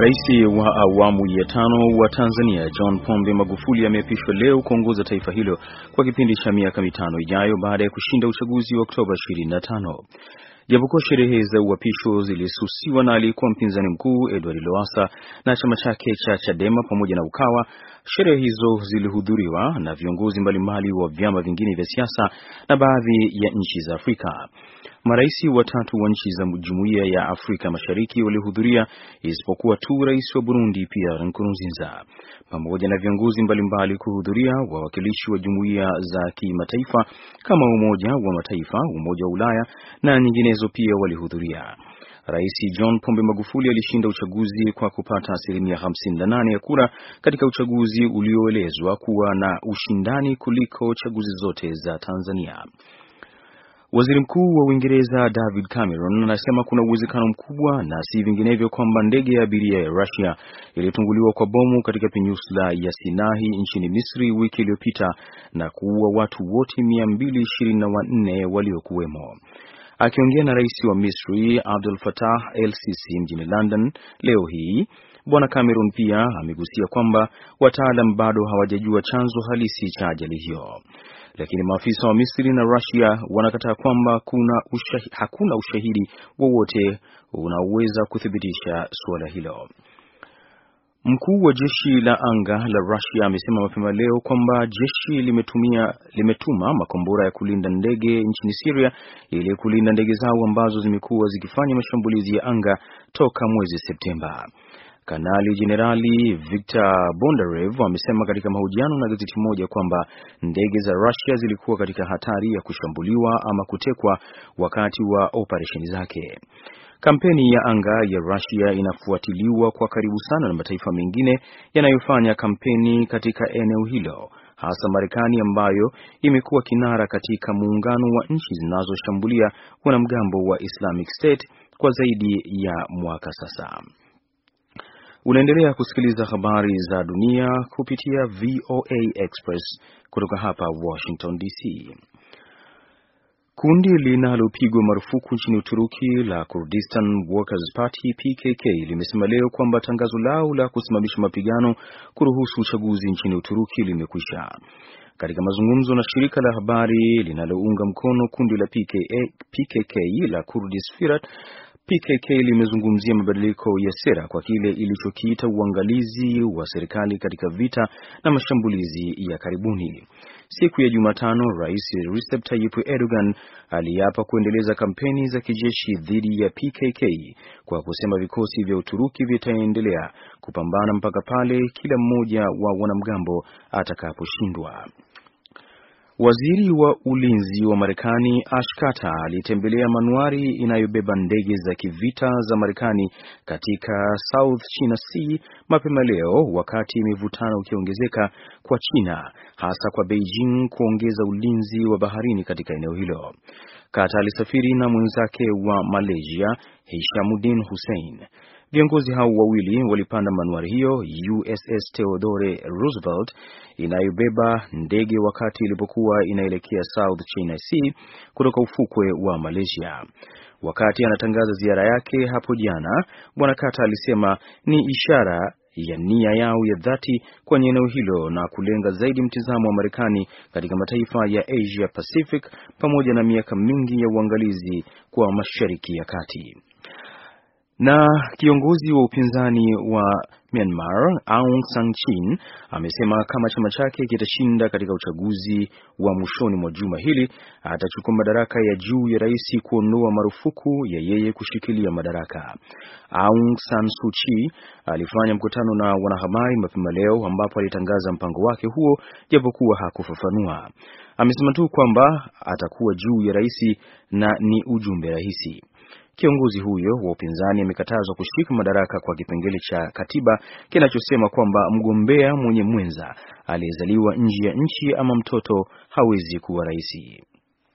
Rais wa awamu ya tano wa Tanzania John Pombe Magufuli ameapishwa leo kuongoza taifa hilo kwa kipindi cha miaka mitano ijayo baada ya kushinda uchaguzi wa Oktoba 25. Japokuwa sherehe za uapisho zilisusiwa na aliyekuwa mpinzani mkuu Edward Lowassa na chama chake cha Chadema pamoja na Ukawa, sherehe hizo zilihudhuriwa na viongozi mbalimbali wa vyama vingine vya siasa na baadhi ya nchi za Afrika. Marais watatu wa nchi za Jumuiya ya Afrika Mashariki walihudhuria isipokuwa tu rais wa Burundi Pierre Nkurunziza, pamoja na viongozi mbalimbali kuhudhuria. Wawakilishi wa jumuiya za kimataifa kama Umoja wa Mataifa, Umoja wa Ulaya na nyinginezo pia walihudhuria. Rais John Pombe Magufuli alishinda uchaguzi kwa kupata asilimia 58 ya kura katika uchaguzi ulioelezwa kuwa na ushindani kuliko chaguzi zote za Tanzania. Waziri Mkuu wa Uingereza David Cameron anasema kuna uwezekano mkubwa na si vinginevyo kwamba ndege ya abiria ya Russia ilitunguliwa kwa bomu katika peninsula ya Sinahi nchini Misri wiki iliyopita na kuua watu wote 224 waliokuwemo. Akiongea na rais wa Misri Abdel Fattah El-Sisi mjini London leo hii, Bwana Cameron pia amegusia kwamba wataalam bado hawajajua chanzo halisi cha ajali hiyo lakini maafisa wa Misri na Russia wanakataa kwamba kuna ushahi, hakuna ushahidi wowote unaoweza kuthibitisha suala hilo. Mkuu wa jeshi la anga la Russia amesema mapema leo kwamba jeshi limetumia limetuma makombora ya kulinda ndege nchini Syria ili kulinda ndege zao ambazo zimekuwa zikifanya mashambulizi ya anga toka mwezi Septemba. Kanali Jenerali Victor Bondarev amesema katika mahojiano na gazeti moja kwamba ndege za Russia zilikuwa katika hatari ya kushambuliwa ama kutekwa wakati wa operesheni zake. Kampeni ya anga ya Russia inafuatiliwa kwa karibu sana na mataifa mengine yanayofanya kampeni katika eneo hilo, hasa Marekani ambayo imekuwa kinara katika muungano wa nchi zinazoshambulia wanamgambo wa Islamic State kwa zaidi ya mwaka sasa. Unaendelea kusikiliza habari za dunia kupitia VOA Express kutoka hapa Washington DC. Kundi linalopigwa marufuku nchini Uturuki la Kurdistan Workers Party PKK limesema leo kwamba tangazo lao la kusimamisha mapigano kuruhusu uchaguzi nchini Uturuki limekwisha. Katika mazungumzo na shirika la habari linalounga mkono kundi la PKK, PKK la Kurdis Firat PKK limezungumzia mabadiliko ya sera kwa kile ilichokiita uangalizi wa serikali katika vita na mashambulizi ya karibuni. Siku ya Jumatano, Rais Recep Tayyip Erdogan aliapa kuendeleza kampeni za kijeshi dhidi ya PKK kwa kusema vikosi vya Uturuki vitaendelea kupambana mpaka pale kila mmoja wa wanamgambo atakaposhindwa. Waziri wa ulinzi wa Marekani Ash Carter alitembelea manuari inayobeba ndege za kivita za Marekani katika South China Sea mapema leo, wakati mivutano ukiongezeka kwa China, hasa kwa Beijing kuongeza ulinzi wa baharini katika eneo hilo. Carter alisafiri na mwenzake wa Malaysia Hishamuddin Hussein. Viongozi hao wawili walipanda manuari hiyo USS Theodore Roosevelt inayobeba ndege wakati ilipokuwa inaelekea South China Sea kutoka ufukwe wa Malaysia. Wakati anatangaza ziara yake hapo jana, Bwana Carter alisema ni ishara ya nia yao ya dhati kwenye eneo hilo na kulenga zaidi mtizamo wa Marekani katika mataifa ya Asia Pacific pamoja na miaka mingi ya uangalizi kwa Mashariki ya Kati. Na kiongozi wa upinzani wa Myanmar Aung San Chin amesema kama chama chake kitashinda katika uchaguzi wa mwishoni mwa juma hili atachukua madaraka ya juu ya rais kuondoa marufuku ya yeye kushikilia madaraka. Aung San Suu Kyi alifanya mkutano na wanahabari mapema leo ambapo alitangaza mpango wake huo japokuwa hakufafanua. Amesema tu kwamba atakuwa juu ya rais na ni ujumbe rahisi. Kiongozi huyo wa upinzani amekatazwa kushika madaraka kwa kipengele cha katiba kinachosema kwamba mgombea mwenye mwenza aliyezaliwa nje ya nchi ama mtoto hawezi kuwa rais.